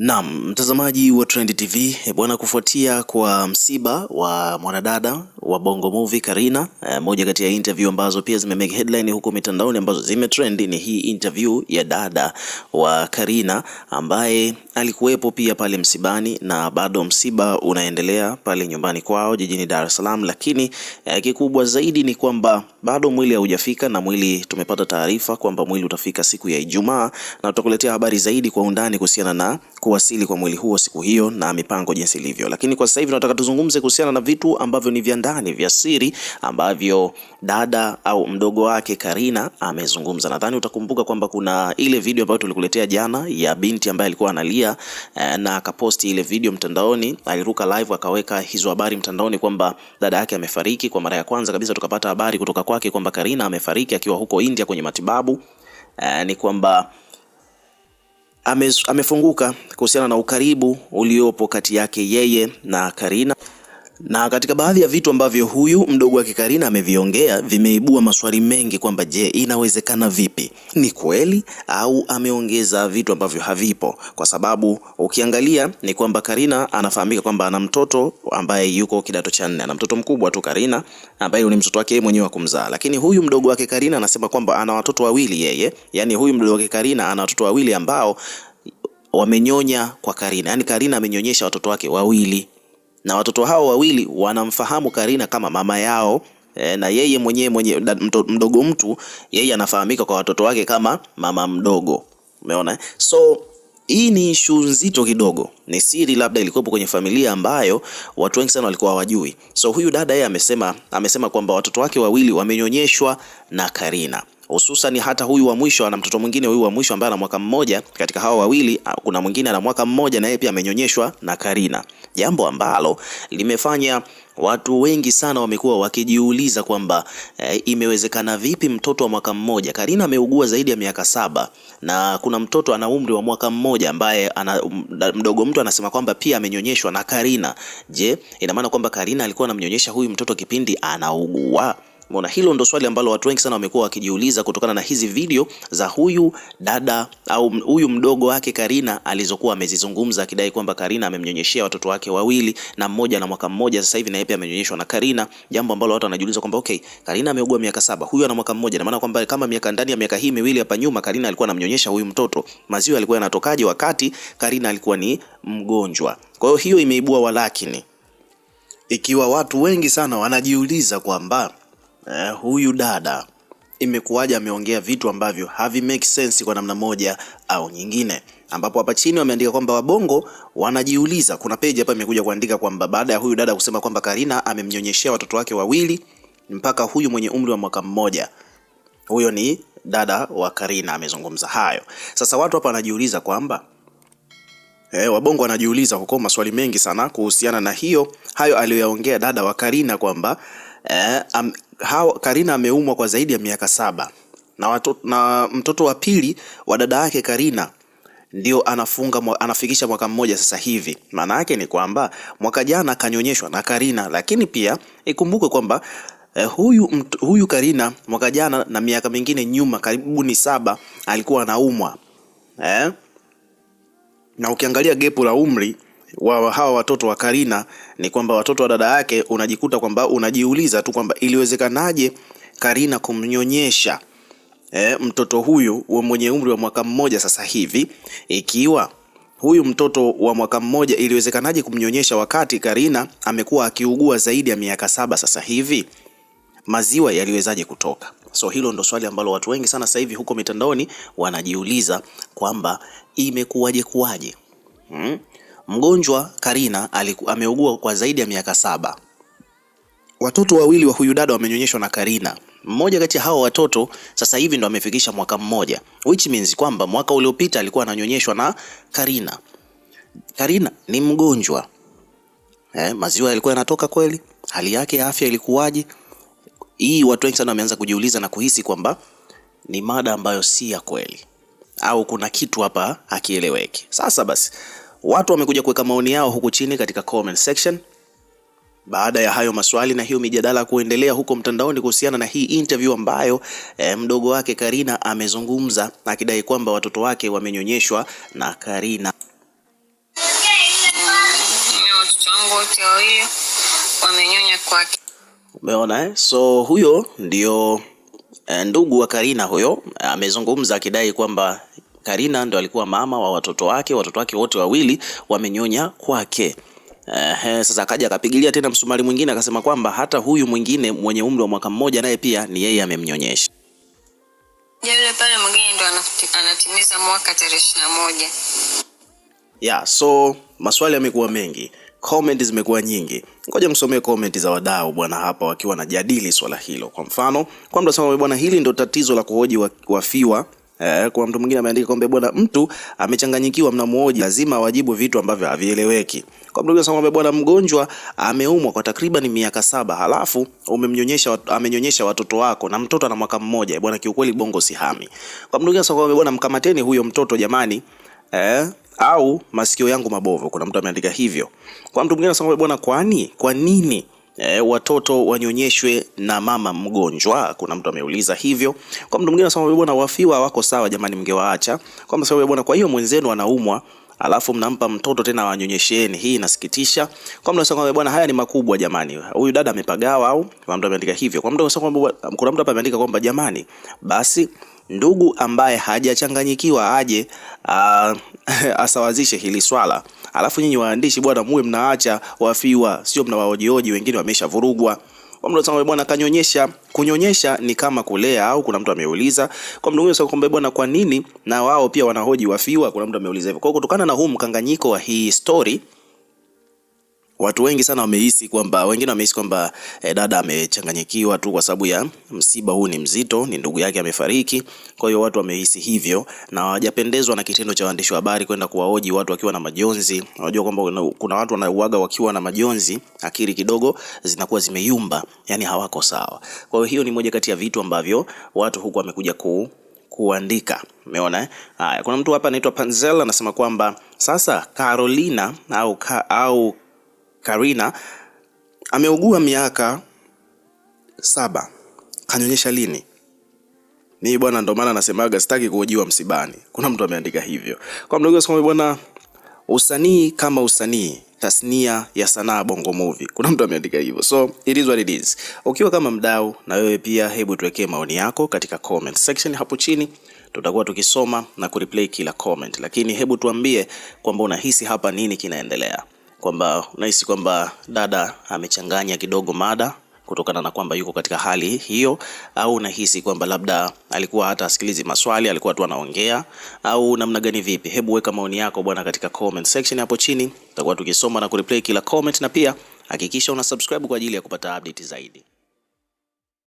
Naam, mtazamaji wa Trend TV eh, bwana, kufuatia kwa msiba wa mwanadada wa Bongo Movie Karina, eh, moja kati ya interview ambazo pia zimemake headline huko mitandaoni ambazo zimetrend ni hii interview ya dada wa Karina ambaye alikuwepo pia pale msibani na bado msiba unaendelea pale nyumbani kwao jijini Dar es Salaam, lakini eh, kikubwa zaidi ni kwamba bado mwili haujafika, na mwili tumepata taarifa kwamba mwili utafika siku ya Ijumaa, na tutakuletea habari zaidi kwa undani kuhusiana na kuwasili kwa mwili huo siku hiyo na mipango jinsi ilivyo. Lakini kwa sasa hivi tunataka tuzungumze kuhusiana na vitu ambavyo ni vya ndani vya siri ambavyo dada au mdogo wake Karina amezungumza. Nadhani utakumbuka kwamba kuna ile video ambayo tulikuletea jana ya binti ambaye alikuwa analia eh, na akaposti ile video mtandaoni, aliruka live akaweka hizo habari mtandaoni kwamba dada yake amefariki. Kwa mara ya kwanza kabisa tukapata habari kutoka kwake kwamba Karina amefariki akiwa huko India kwenye matibabu. Eh, ni kwamba amefunguka kuhusiana na ukaribu uliopo kati yake yeye na Karina. Na katika baadhi ya vitu ambavyo huyu mdogo wake Karina ameviongea vimeibua maswali mengi kwamba je, inawezekana vipi? Ni kweli au ameongeza vitu ambavyo havipo? Kwa sababu ukiangalia ni kwamba Karina anafahamika kwamba ana mtoto ambaye yuko kidato cha nne, ana mtoto mkubwa tu Karina ambaye ni mtoto wake mwenyewe wa kumzaa, lakini huyu mdogo wake kikarina anasema kwamba ana watoto wawili yeye, yaani huyu mdogo wa kikarina ana watoto wawili ambao wamenyonya kwa Karina, yaani Karina amenyonyesha watoto wake wawili na watoto hao wawili wanamfahamu Karina kama mama yao e, na yeye mwenyewe mwenye, mdogo mtu yeye anafahamika kwa watoto wake kama mama mdogo. Umeona, so hii ni ishu nzito kidogo, ni siri labda ilikuwepo kwenye familia ambayo watu wengi sana walikuwa hawajui. So huyu dada yeye amesema, amesema kwamba watoto wake wawili wamenyonyeshwa na Karina hususan hata huyu wa mwisho ana mtoto mwingine huyu wa mwisho ambaye ana mwaka mmoja. Katika hawa wawili kuna mwingine ana mwaka mmoja na yeye pia amenyonyeshwa na Karina, jambo ambalo limefanya watu wengi sana wamekuwa wakijiuliza kwamba e, imewezekana vipi mtoto wa mwaka mmoja. Karina ameugua zaidi ya miaka saba na kuna mtoto ana umri wa mwaka mmoja ambaye ana, mdogo mtu anasema kwamba pia amenyonyeshwa na Karina. Je, ina maana kwamba Karina alikuwa anamnyonyesha huyu mtoto kipindi anaugua? Mbona hilo ndo swali ambalo watu wengi sana wamekuwa wakijiuliza kutokana na hizi video za huyu dada au huyu mdogo wake Karina alizokuwa amezizungumza akidai kwamba Karina amemnyonyeshea watoto wake wawili na mmoja na mwaka mmoja sasa hivi na yeye pia amenyonyeshwa na Karina, jambo ambalo watu wanajiuliza kwamba okay, Karina ameugua miaka saba, huyu ana mwaka mmoja, na maana kwamba kama miaka ndani ya miaka hii miwili hapa nyuma Karina alikuwa anamnyonyesha huyu mtoto, maziwa yalikuwa yanatokaje wakati Karina alikuwa ni mgonjwa? Kwa hiyo hiyo imeibua walakini, ikiwa watu wengi sana wanajiuliza kwamba eh, huyu dada imekuwaje ameongea vitu ambavyo havi make sense kwa namna moja au nyingine, ambapo hapa chini wameandika kwamba wabongo wanajiuliza. Kuna page hapa imekuja kuandika kwamba baada ya huyu dada kusema kwamba Karina amemnyonyeshea watoto wake wawili mpaka huyu mwenye umri wa mwaka mmoja, huyo ni dada wa Karina amezungumza hayo. Sasa watu hapa wanajiuliza kwamba E, wabongo wanajiuliza huko maswali mengi sana kuhusiana na hiyo hayo aliyoyaongea dada wa Karina kwamba eh, hawa, Karina ameumwa kwa zaidi ya miaka saba na, watoto, na mtoto wa pili wa dada yake Karina ndio anafunga anafikisha mwaka mmoja sasa hivi. Maana yake ni kwamba mwaka jana kanyonyeshwa na Karina, lakini pia ikumbukwe kwamba eh, huyu, huyu Karina mwaka jana na miaka mingine nyuma karibuni saba alikuwa anaumwa eh? na ukiangalia gepu la umri wa hawa watoto wa Karina ni kwamba watoto wa dada yake, unajikuta kwamba unajiuliza tu kwamba iliwezekanaje Karina kumnyonyesha e, mtoto huyu mwenye umri wa mwaka mmoja sasa hivi, ikiwa huyu mtoto wa mwaka mmoja iliwezekanaje kumnyonyesha wakati Karina amekuwa akiugua zaidi ya miaka saba sasa hivi? Maziwa yaliwezaje kutoka? So hilo ndo swali ambalo watu wengi sana sasa hivi huko mitandaoni wanajiuliza kwamba imekuwaje kuwaje, hmm? Mgonjwa Karina ameugua kwa zaidi ya miaka saba. Watoto wawili wa huyu dada wamenyonyeshwa na Karina. Mmoja kati ya hao watoto sasa hivi ndo amefikisha mwaka mmoja, which means kwamba mwaka uliopita alikuwa ananyonyeshwa na Karina. Karina ni mgonjwa eh, maziwa yalikuwa yanatoka kweli? Hali yake ya afya ilikuwaje? Hii watu wengi sana wameanza kujiuliza na kuhisi kwamba ni mada ambayo si ya kweli au kuna kitu hapa hakieleweki. Sasa basi Watu wamekuja kuweka maoni yao huku chini katika comment section. Baada ya hayo maswali na hiyo mijadala kuendelea huko mtandaoni kuhusiana na hii interview ambayo e, mdogo wake Karina amezungumza akidai kwamba watoto wake wamenyonyeshwa na Karina. Umeona eh? So huyo ndio eh, ndugu wa Karina huyo amezungumza akidai kwamba Karina ndo alikuwa mama wa watoto wake, watoto wake wote wawili wamenyonya kwake. Ehe, sasa akaja akapigilia tena msumari mwingine akasema kwamba hata huyu mwingine mwenye umri wa mwaka mmoja naye pia ni yeye amemnyonyesha. Yule pale mwingine ndo anatimiza mwaka tarehe ishirini na moja. Yeah, so maswali yamekuwa mengi, comment zimekuwa nyingi. Ngoja msomee comment za wadau bwana hapa wakiwa wanajadili swala hilo. Kwa mfano, kwa mtu anasema bwana, hili ndo tatizo la kuhoji wafiwa Eh, kuna mtu mwingine ameandika kwamba bwana, mtu amechanganyikiwa, mnamuoji lazima wajibu vitu ambavyo havieleweki. Kwa mtu mwingine bwana, mgonjwa ameumwa kwa takriban miaka saba halafu umemnyonyesha, amenyonyesha watoto wako na mtoto ana mwaka mmoja bwana, kiukweli bongo sihami. Kwa mtu mwingine bwana, mkamateni huyo mtoto jamani, eh, au masikio yangu mabovu. Kuna mtu ameandika hivyo. Kwa mtu mwingine bwana, kwani kwa nini e, watoto wanyonyeshwe na mama mgonjwa? Kuna mtu ameuliza hivyo. Kwa mtu mwingine anasema bwana, wafiwa wako sawa jamani, mngewaacha. Kwa sababu bwana, kwa hiyo mwenzenu anaumwa alafu mnampa mtoto tena wanyonyesheni. Hii inasikitisha. Kwa mtu anasema bwana, haya ni makubwa jamani, huyu dada amepagawa au? Kwa mtu ameandika hivyo. Kwa mtu anasema kwamba kuna mtu hapa ameandika kwamba jamani, basi ndugu ambaye hajachanganyikiwa aje asawazishe hili swala. Alafu nyinyi waandishi bwana, muwe mnaacha wafiwa, sio mnawaojioji, wengine wameshavurugwa. Mtu bwana kanyonyesha. Kunyonyesha ni kama kulea au kuna mtu ameuliza. Kwa mtu mwingine kwamba bwana, kwa nini na wao pia wanahoji wafiwa, kuna mtu ameuliza hivyo. Kwa kutokana na huu mkanganyiko wa hii story watu wengi sana wamehisi kwamba wengine wamehisi kwamba eh, dada amechanganyikiwa tu kwa sababu ya msiba huu, ni mzito, ni ndugu yake amefariki. Kwa hiyo watu wamehisi hivyo na hawajapendezwa na kitendo cha waandishi wa habari kwenda kuwaoji watu wakiwa na majonzi. Unajua kwamba kuna watu wanauaga wakiwa na majonzi, akili kidogo zinakuwa zimeyumba, yani hawako sawa. Kwa hiyo hiyo ni moja kati ya vitu ambavyo watu huku wamekuja ku kuandika umeona eh? Haya, kuna mtu hapa anaitwa Panzela anasema kwamba sasa Carolina au, ka, au Karina ameugua miaka saba, kanyonyesha lini? Ni bwana, ndo maana anasemaga sitaki kuojiwa msibani. Kuna mtu ameandika hivyo kwa mdogo wangu bwana, usanii kama usanii tasnia ya sanaa Bongo Movie. Kuna mtu ameandika hivyo, so it is what it is. Ukiwa kama mdau na wewe pia, hebu tuwekee maoni yako katika comment section hapo chini, tutakuwa tukisoma na kureplay kila comment, lakini hebu tuambie kwamba unahisi hapa nini kinaendelea kwamba unahisi kwamba dada amechanganya kidogo mada kutokana na kwamba yuko katika hali hiyo, au unahisi kwamba labda alikuwa hata asikilizi maswali, alikuwa tu anaongea au namna gani? Vipi? Hebu weka maoni yako bwana katika comment section hapo chini, tutakuwa tukisoma na kureplay kila comment, na pia hakikisha una subscribe kwa ajili ya kupata update zaidi.